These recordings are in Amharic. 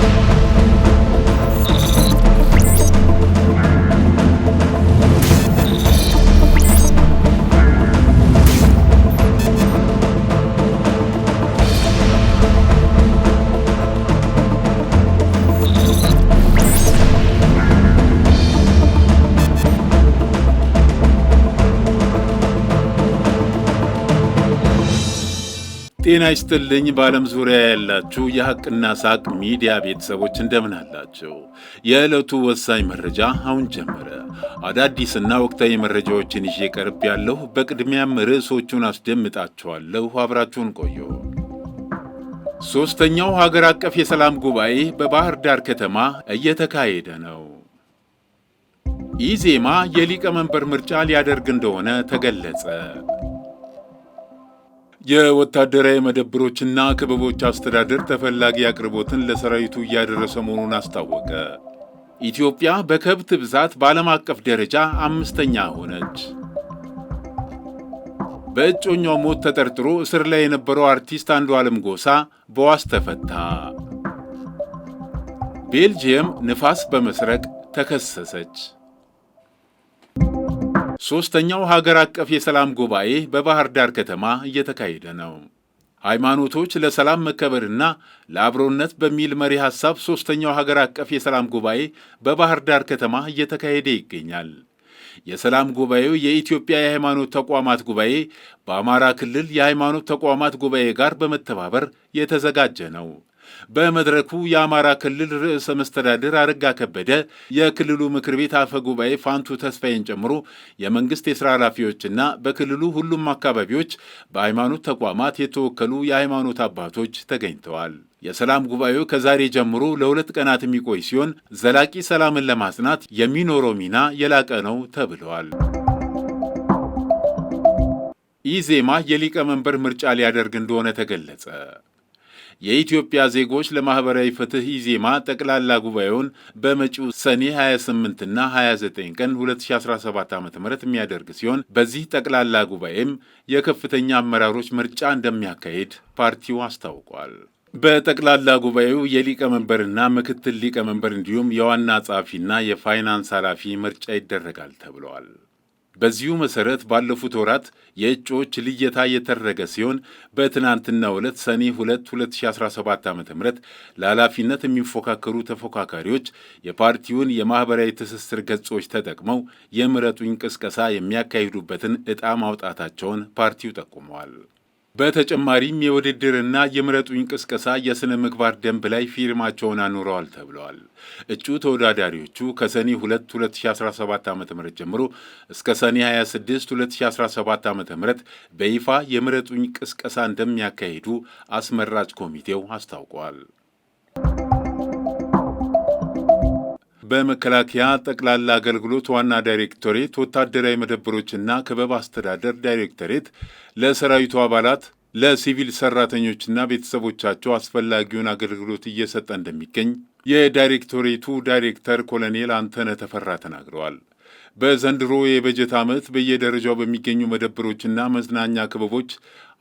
Thank you. ጤና ይስጥልኝ በዓለም ዙሪያ ያላችሁ የሐቅና ሳቅ ሚዲያ ቤተሰቦች እንደምን አላችሁ? የዕለቱ ወሳኝ መረጃ አሁን ጀመረ። አዳዲስና ወቅታዊ መረጃዎችን ይዤ ቀርብ ያለሁ። በቅድሚያም ርዕሶቹን አስደምጣችኋለሁ። አብራችሁን ቆዩ። ሦስተኛው ሀገር አቀፍ የሰላም ጉባኤ በባህር ዳር ከተማ እየተካሄደ ነው። ኢዜማ የሊቀመንበር ምርጫ ሊያደርግ እንደሆነ ተገለጸ። የወታደራዊ መደብሮችና ክበቦች አስተዳደር ተፈላጊ አቅርቦትን ለሰራዊቱ እያደረሰ መሆኑን አስታወቀ። ኢትዮጵያ በከብት ብዛት በዓለም አቀፍ ደረጃ አምስተኛ ሆነች። በእጮኛው ሞት ተጠርጥሮ እስር ላይ የነበረው አርቲስት አንዱ ዓለም ጎሳ በዋስ ተፈታ። ቤልጅየም ንፋስ በመስረቅ ተከሰሰች። ሦስተኛው ሀገር አቀፍ የሰላም ጉባኤ በባህር ዳር ከተማ እየተካሄደ ነው። ሃይማኖቶች ለሰላም መከበርና ለአብሮነት በሚል መሪ ሐሳብ ሦስተኛው ሀገር አቀፍ የሰላም ጉባኤ በባህር ዳር ከተማ እየተካሄደ ይገኛል። የሰላም ጉባኤው የኢትዮጵያ የሃይማኖት ተቋማት ጉባኤ በአማራ ክልል የሃይማኖት ተቋማት ጉባኤ ጋር በመተባበር የተዘጋጀ ነው። በመድረኩ የአማራ ክልል ርዕሰ መስተዳድር አረጋ ከበደ፣ የክልሉ ምክር ቤት አፈ ጉባኤ ፋንቱ ተስፋዬን ጨምሮ የመንግስት የስራ ኃላፊዎችና በክልሉ ሁሉም አካባቢዎች በሃይማኖት ተቋማት የተወከሉ የሃይማኖት አባቶች ተገኝተዋል። የሰላም ጉባኤው ከዛሬ ጀምሮ ለሁለት ቀናት የሚቆይ ሲሆን ዘላቂ ሰላምን ለማጽናት የሚኖረው ሚና የላቀ ነው ተብለዋል። ኢዜማ የሊቀመንበር ምርጫ ሊያደርግ እንደሆነ ተገለጸ። የኢትዮጵያ ዜጎች ለማህበራዊ ፍትህ ኢዜማ ጠቅላላ ጉባኤውን በመጪው ሰኔ 28ና 29 ቀን 2017 ዓ ም የሚያደርግ ሲሆን በዚህ ጠቅላላ ጉባኤም የከፍተኛ አመራሮች ምርጫ እንደሚያካሄድ ፓርቲው አስታውቋል። በጠቅላላ ጉባኤው የሊቀመንበርና ምክትል ሊቀመንበር እንዲሁም የዋና ጸሐፊና የፋይናንስ ኃላፊ ምርጫ ይደረጋል ተብለዋል። በዚሁ መሰረት ባለፉት ወራት የእጩዎች ልየታ የተደረገ ሲሆን በትናንትና ዕለት ሰኔ 2 2017 ዓ ም ለኃላፊነት የሚፎካከሩ ተፎካካሪዎች የፓርቲውን የማኅበራዊ ትስስር ገጾች ተጠቅመው የምረጡኝ ቅስቀሳ የሚያካሂዱበትን ዕጣ ማውጣታቸውን ፓርቲው ጠቁመዋል። በተጨማሪም የውድድርና የምረጡኝ ቅስቀሳ የሥነ ምግባር ደንብ ላይ ፊርማቸውን አኑረዋል ተብለዋል። እጩ ተወዳዳሪዎቹ ከሰኔ 2 2017 ዓ ም ጀምሮ እስከ ሰኔ 26 2017 ዓ ም በይፋ የምረጡኝ ቅስቀሳ እንደሚያካሂዱ አስመራጭ ኮሚቴው አስታውቋል። በመከላከያ ጠቅላላ አገልግሎት ዋና ዳይሬክቶሬት ወታደራዊ መደብሮችና ክበብ አስተዳደር ዳይሬክቶሬት ለሰራዊቱ አባላት ለሲቪል ሰራተኞችና ቤተሰቦቻቸው አስፈላጊውን አገልግሎት እየሰጠ እንደሚገኝ የዳይሬክቶሬቱ ዳይሬክተር ኮሎኔል አንተነ ተፈራ ተናግረዋል። በዘንድሮ የበጀት ዓመት በየደረጃው በሚገኙ መደብሮችና መዝናኛ ክበቦች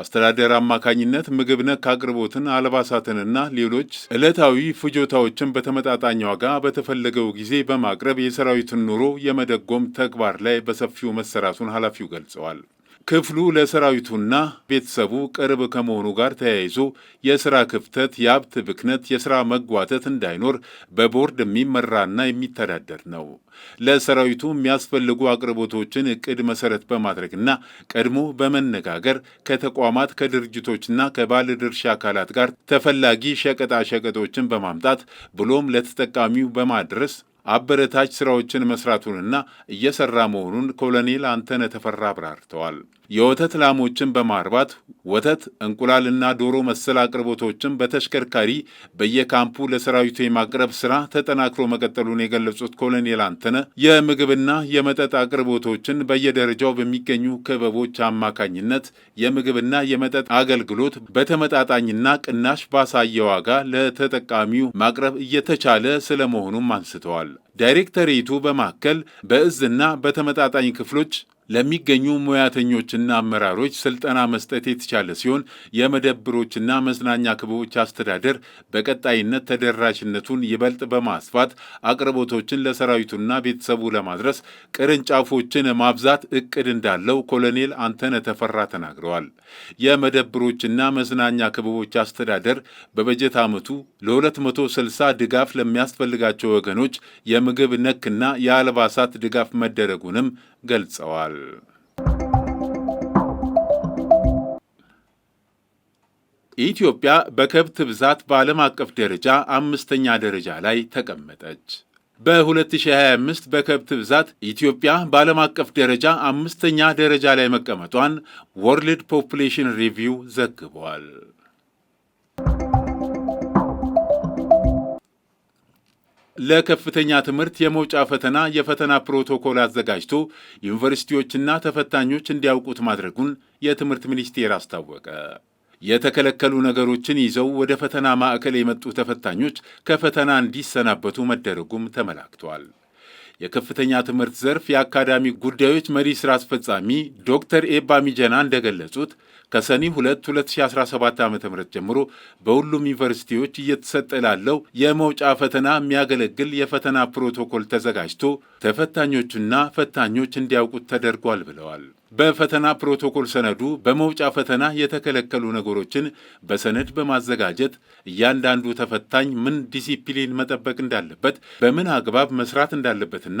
አስተዳደር አማካኝነት ምግብ ነክ አቅርቦትን፣ አልባሳትንና ሌሎች ዕለታዊ ፍጆታዎችን በተመጣጣኝ ዋጋ በተፈለገው ጊዜ በማቅረብ የሰራዊትን ኑሮ የመደጎም ተግባር ላይ በሰፊው መሰራቱን ኃላፊው ገልጸዋል። ክፍሉ ለሰራዊቱና ቤተሰቡ ቅርብ ከመሆኑ ጋር ተያይዞ የስራ ክፍተት፣ የሀብት ብክነት፣ የስራ መጓተት እንዳይኖር በቦርድ የሚመራና የሚተዳደር ነው። ለሰራዊቱ የሚያስፈልጉ አቅርቦቶችን እቅድ መሰረት በማድረግና ቀድሞ በመነጋገር ከተቋማት ከድርጅቶችና ከባለድርሻ አካላት ጋር ተፈላጊ ሸቀጣ ሸቀጦችን በማምጣት ብሎም ለተጠቃሚው በማድረስ አበረታች ስራዎችን መስራቱንና እየሰራ መሆኑን ኮሎኔል አንተነ ተፈራ አብራርተዋል። የወተት ላሞችን በማርባት ወተት፣ እንቁላልና ዶሮ መሰል አቅርቦቶችን በተሽከርካሪ በየካምፑ ለሰራዊቱ የማቅረብ ስራ ተጠናክሮ መቀጠሉን የገለጹት ኮሎኔል አንተነ የምግብና የመጠጥ አቅርቦቶችን በየደረጃው በሚገኙ ክበቦች አማካኝነት የምግብና የመጠጥ አገልግሎት በተመጣጣኝና ቅናሽ ባሳየ ዋጋ ለተጠቃሚው ማቅረብ እየተቻለ ስለመሆኑም አንስተዋል። ዳይሬክተሪቱ በማከል በእዝና በተመጣጣኝ ክፍሎች ለሚገኙ ሙያተኞችና አመራሮች ስልጠና መስጠት የተቻለ ሲሆን የመደብሮችና መዝናኛ ክበቦች አስተዳደር በቀጣይነት ተደራሽነቱን ይበልጥ በማስፋት አቅርቦቶችን ለሰራዊቱና ቤተሰቡ ለማድረስ ቅርንጫፎችን ማብዛት እቅድ እንዳለው ኮሎኔል አንተነ ተፈራ ተናግረዋል። የመደብሮችና መዝናኛ ክበቦች አስተዳደር በበጀት ዓመቱ ለ260 ድጋፍ ለሚያስፈልጋቸው ወገኖች የምግብ ነክና የአልባሳት ድጋፍ መደረጉንም ገልጸዋል። ኢትዮጵያ በከብት ብዛት በዓለም አቀፍ ደረጃ አምስተኛ ደረጃ ላይ ተቀመጠች። በ2025 በከብት ብዛት ኢትዮጵያ በዓለም አቀፍ ደረጃ አምስተኛ ደረጃ ላይ መቀመጧን ወርልድ ፖፑሌሽን ሪቪው ዘግቧል። ለከፍተኛ ትምህርት የመውጫ ፈተና የፈተና ፕሮቶኮል አዘጋጅቶ ዩኒቨርሲቲዎችና ተፈታኞች እንዲያውቁት ማድረጉን የትምህርት ሚኒስቴር አስታወቀ። የተከለከሉ ነገሮችን ይዘው ወደ ፈተና ማዕከል የመጡ ተፈታኞች ከፈተና እንዲሰናበቱ መደረጉም ተመላክቷል። የከፍተኛ ትምህርት ዘርፍ የአካዳሚ ጉዳዮች መሪ ስራ አስፈጻሚ ዶክተር ኤባ ሚጀና እንደገለጹት ከሰኔ 2 2017 ዓ ም ጀምሮ በሁሉም ዩኒቨርሲቲዎች እየተሰጠ ላለው የመውጫ ፈተና የሚያገለግል የፈተና ፕሮቶኮል ተዘጋጅቶ ተፈታኞቹና ፈታኞች እንዲያውቁት ተደርጓል ብለዋል። በፈተና ፕሮቶኮል ሰነዱ በመውጫ ፈተና የተከለከሉ ነገሮችን በሰነድ በማዘጋጀት እያንዳንዱ ተፈታኝ ምን ዲሲፕሊን መጠበቅ እንዳለበት፣ በምን አግባብ መስራት እንዳለበትና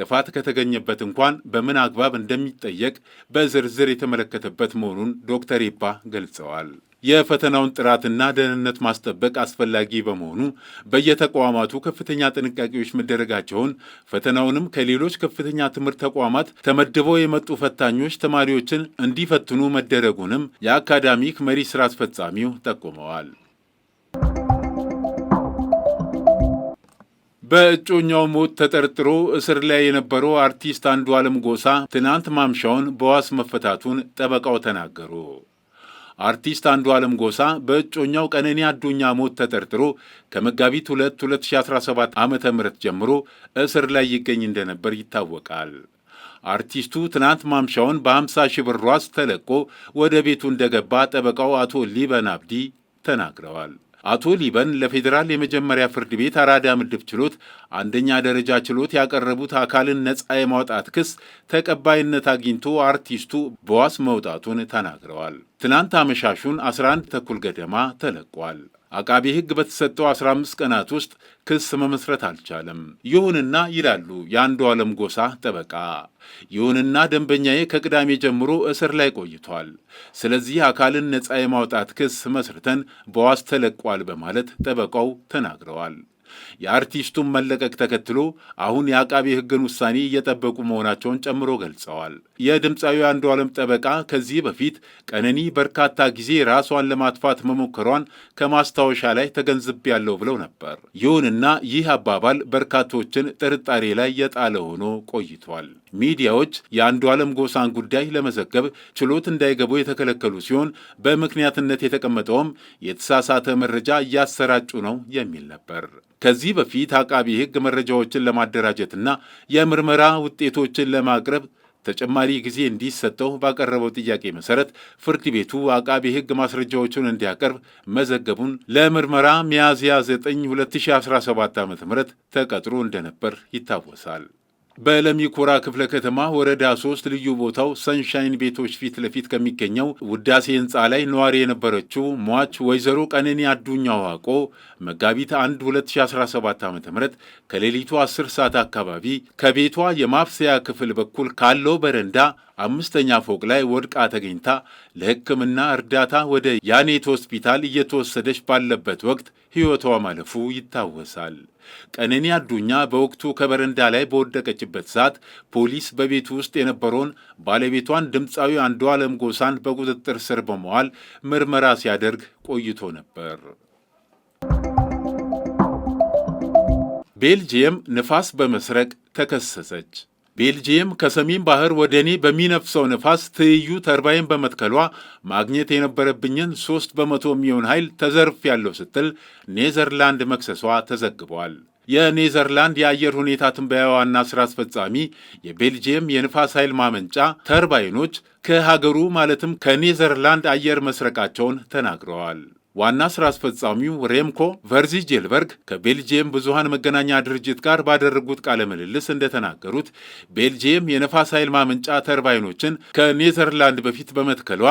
ጥፋት ከተገኘበት እንኳን በምን አግባብ እንደሚጠየቅ በዝርዝር የተመለከተበት መሆኑን ዶክተር ዶክተር ኤፓ ገልጸዋል። የፈተናውን ጥራትና ደህንነት ማስጠበቅ አስፈላጊ በመሆኑ በየተቋማቱ ከፍተኛ ጥንቃቄዎች መደረጋቸውን ፈተናውንም ከሌሎች ከፍተኛ ትምህርት ተቋማት ተመድበው የመጡ ፈታኞች ተማሪዎችን እንዲፈትኑ መደረጉንም የአካዳሚክ መሪ ስራ አስፈጻሚው ጠቁመዋል። በእጮኛው ሞት ተጠርጥሮ እስር ላይ የነበረው አርቲስት አንዱ አለም ጎሳ ትናንት ማምሻውን በዋስ መፈታቱን ጠበቃው ተናገሩ። አርቲስት አንዱ ዓለም ጎሳ በእጮኛው ቀነኒ አዱኛ ሞት ተጠርጥሮ ከመጋቢት 2 2017 ዓ ም ጀምሮ እስር ላይ ይገኝ እንደነበር ይታወቃል። አርቲስቱ ትናንት ማምሻውን በ50 ሺህ ብር ዋስ ተለቆ ወደ ቤቱ እንደገባ ጠበቃው አቶ ሊበን አብዲ ተናግረዋል። አቶ ሊበን ለፌዴራል የመጀመሪያ ፍርድ ቤት አራዳ ምድብ ችሎት አንደኛ ደረጃ ችሎት ያቀረቡት አካልን ነፃ የማውጣት ክስ ተቀባይነት አግኝቶ አርቲስቱ በዋስ መውጣቱን ተናግረዋል። ትናንት አመሻሹን 11 ተኩል ገደማ ተለቋል። አቃቢ ሕግ በተሰጠው 15 ቀናት ውስጥ ክስ መመስረት አልቻለም። ይሁንና ይላሉ የአንዱ ዓለም ጎሳ ጠበቃ፣ ይሁንና ደንበኛዬ ከቅዳሜ ጀምሮ እስር ላይ ቆይቷል። ስለዚህ አካልን ነፃ የማውጣት ክስ መስርተን በዋስ ተለቋል በማለት ጠበቃው ተናግረዋል። የአርቲስቱን መለቀቅ ተከትሎ አሁን የአቃቤ ሕግን ውሳኔ እየጠበቁ መሆናቸውን ጨምሮ ገልጸዋል። የድምፃዊ አንዱዓለም ጠበቃ ከዚህ በፊት ቀነኒ በርካታ ጊዜ ራሷን ለማጥፋት መሞከሯን ከማስታወሻ ላይ ተገንዝቤያለሁ ብለው ነበር። ይሁንና ይህ አባባል በርካቶችን ጥርጣሬ ላይ የጣለ ሆኖ ቆይቷል። ሚዲያዎች የአንዱዓለም ጎሳን ጉዳይ ለመዘገብ ችሎት እንዳይገቡ የተከለከሉ ሲሆን በምክንያትነት የተቀመጠውም የተሳሳተ መረጃ እያሰራጩ ነው የሚል ነበር። ከዚህ በፊት አቃቢ ሕግ መረጃዎችን ለማደራጀትና የምርመራ ውጤቶችን ለማቅረብ ተጨማሪ ጊዜ እንዲሰጠው ባቀረበው ጥያቄ መሰረት ፍርድ ቤቱ አቃቢ ሕግ ማስረጃዎቹን እንዲያቀርብ መዘገቡን ለምርመራ ሚያዝያ 9 2017 ዓ ም ተቀጥሮ እንደነበር ይታወሳል። በለሚ ኩራ ክፍለ ከተማ ወረዳ ሶስት ልዩ ቦታው ሰንሻይን ቤቶች ፊት ለፊት ከሚገኘው ውዳሴ ህንፃ ላይ ነዋሪ የነበረችው ሟች ወይዘሮ ቀነኒ አዱኛ ዋቆ መጋቢት 1 2017 ዓ ም ከሌሊቱ 10 ሰዓት አካባቢ ከቤቷ የማብሰያ ክፍል በኩል ካለው በረንዳ አምስተኛ ፎቅ ላይ ወድቃ ተገኝታ ለሕክምና እርዳታ ወደ ያኔት ሆስፒታል እየተወሰደች ባለበት ወቅት ሕይወቷ ማለፉ ይታወሳል። ቀነኒ አዱኛ በወቅቱ ከበረንዳ ላይ በወደቀችበት ሰዓት ፖሊስ በቤቱ ውስጥ የነበረውን ባለቤቷን ድምፃዊ ዓለም ጎሳን በቁጥጥር ስር በመዋል ምርመራ ሲያደርግ ቆይቶ ነበር። ቤልጅየም ንፋስ በመስረቅ ተከሰሰች። ቤልጂየም ከሰሜን ባህር ወደ እኔ በሚነፍሰው ንፋስ ትይዩ ተርባይን በመትከሏ ማግኘት የነበረብኝን ሶስት በመቶ የሚሆን ኃይል ተዘርፍ ያለው ስትል ኔዘርላንድ መክሰሷ ተዘግቧል። የኔዘርላንድ የአየር ሁኔታ ትንበያ ዋና ስራ አስፈጻሚ የቤልጂየም የንፋስ ኃይል ማመንጫ ተርባይኖች ከሀገሩ ማለትም ከኔዘርላንድ አየር መስረቃቸውን ተናግረዋል። ዋና ስራ አስፈጻሚው ሬምኮ ቨርዚጀልበርግ ከቤልጅየም ብዙሃን መገናኛ ድርጅት ጋር ባደረጉት ቃለ ምልልስ እንደተናገሩት ቤልጅየም የነፋስ ኃይል ማመንጫ ተርባይኖችን ከኔዘርላንድ በፊት በመትከሏ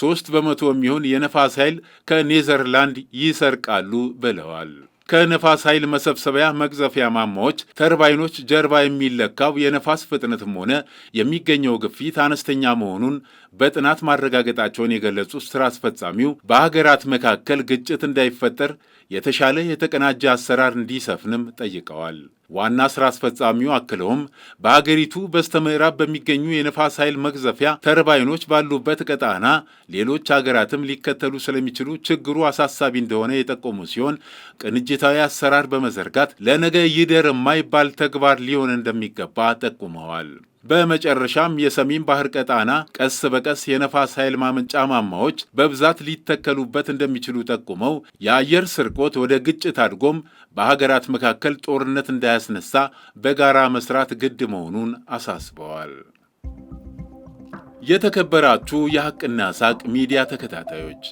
ሶስት በመቶ የሚሆን የነፋስ ኃይል ከኔዘርላንድ ይሰርቃሉ ብለዋል። ከነፋስ ኃይል መሰብሰቢያ መቅዘፊያ ማማዎች ተርባይኖች ጀርባ የሚለካው የነፋስ ፍጥነትም ሆነ የሚገኘው ግፊት አነስተኛ መሆኑን በጥናት ማረጋገጣቸውን የገለጹት ስራ አስፈጻሚው በሀገራት መካከል ግጭት እንዳይፈጠር የተሻለ የተቀናጀ አሰራር እንዲሰፍንም ጠይቀዋል። ዋና ስራ አስፈጻሚው አክለውም በአገሪቱ በስተምዕራብ በሚገኙ የነፋስ ኃይል መግዘፊያ ተርባይኖች ባሉበት ቀጣና ሌሎች ሀገራትም ሊከተሉ ስለሚችሉ ችግሩ አሳሳቢ እንደሆነ የጠቆሙ ሲሆን ቅንጅታዊ አሰራር በመዘርጋት ለነገ ይደር የማይባል ተግባር ሊሆን እንደሚገባ ጠቁመዋል። በመጨረሻም የሰሜን ባህር ቀጣና ቀስ በቀስ የነፋስ ኃይል ማመንጫ ማማዎች በብዛት ሊተከሉበት እንደሚችሉ ጠቁመው የአየር ስርቆት ወደ ግጭት አድጎም በሀገራት መካከል ጦርነት እንዳያስነሳ በጋራ መስራት ግድ መሆኑን አሳስበዋል። የተከበራችሁ የሐቅና ሳቅ ሚዲያ ተከታታዮች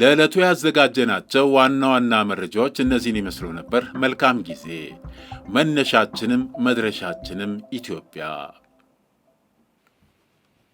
ለዕለቱ ያዘጋጀናቸው ዋና ዋና መረጃዎች እነዚህን ይመስሉ ነበር። መልካም ጊዜ። መነሻችንም መድረሻችንም ኢትዮጵያ።